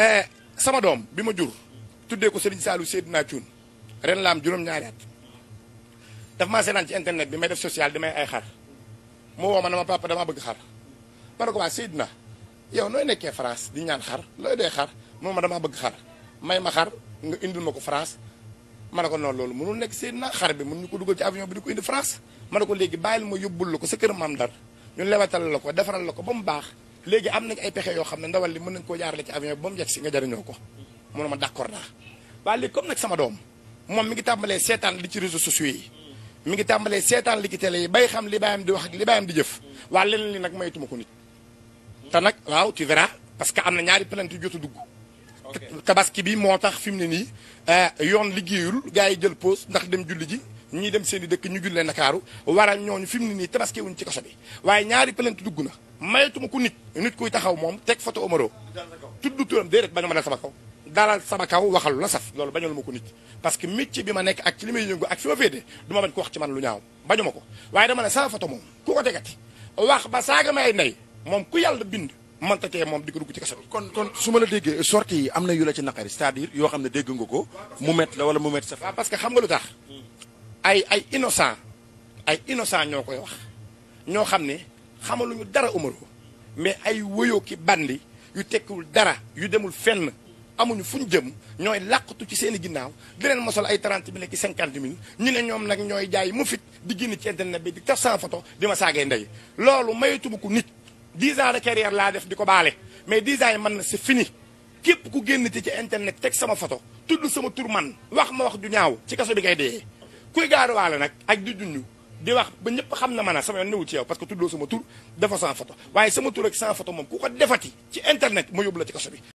Eh, sama doom bi ma jur tuddee ko Serigne Saliou Seydina Thioune ren laam juróom-ñaari at daf maa seetaan ci internet bi may def social di may ay xar mu woo ma ne ma papa dama bëgg xar ma ne ko waa Seydina yow nooy nekkee France di ñaan xar looy dee xar moom ma damaa bëgg xar may ma xar nga indil ma ko France ma ne ko noonu loolu mënul nekk Seydina xar bi mënuñu ko dugal ci avion bi di ko indi France ma ne ko léegi bàyyil ma yóbbul la ko sa kër maam Ndar ñu lewatal la ko defaral la ko ba mu baax léegi am nañ ay pexe yoo xam ne ndawal li mën nañ koo jaarale ci avion bi ba mu yegg si nga jariñoo ko mu ne ma d'accord naa waaye léegi comme nag sama doom moom mi ngi tàmbalee seetaan li ci réseaux sociaux mi ngi tàmbalee seetaan li ci télé yi bay xam li baayam di wax ak li baayam di jëf waa leneen li nag maytuma ko nit te nag waaw tu verras parce que am na ñaari plainte yu jot dugg tabaski bi moo tax fi mu ne nii euh, yoon liggéeyul gars yi jël pause ndax dem julli ji ñuy dem seen i dëkk ñu jullee Ndakaaru waral ñooñu fi mu ne nii tabaski wuñ ci kaso bi waaye ñaari plainte dugg na mayetuma ku nit nit kuy taxaw moom teg photo Omaro tudd turam déedéet bañu ma dal sama kaw dalal sama kaw waxal la saf loolu bañal ko nit parce que métier bi ma nekk ak ci li may yëngu ak fi ma féete bañ ko wax ci man lu ñaaw bañu ma ko waaye dama ne sama photo moom ku ko tegati wax ba saaga may nay moom ku yàlla bind mënta tee moom la déggee sortie am la ci yoo xam ne nga ko mu met la wala mu que xam nga lu tax hmm. ay ay innocent ay innocent ñoo koy wax ñoo xam ne xamaluñu dara Umaru mais ay wëyoo ki bandi yu tekkiwul dara yu demul fenn amuñu fuñ jëm ñooy làqatu ci seen i ginnaaw di leen mosal ay 30 mille ki 50 mille ñu ne ñoom nag ñooy jaay mu fit di génn ci internet bi di taf sans photo di ma saagee ndey loolu maytubu ko nit 10 ans de carrière laa def di ko baale mais 10 ans yi man na c'est fini képp ku génn ci ci internet teg sama photo tudd sama tur man wax ma wax du ñaaw ci kaso bi ngay dee kuy gaaruwaale nag ak di dund di wax ba ñëpp xam na man a sama yoon newu ci yow parce que tuddoo sama tur dafa sans photo waaye sama tur ak sans photo moom ku ko defati ci internet ma yóbbu la ci kaso bi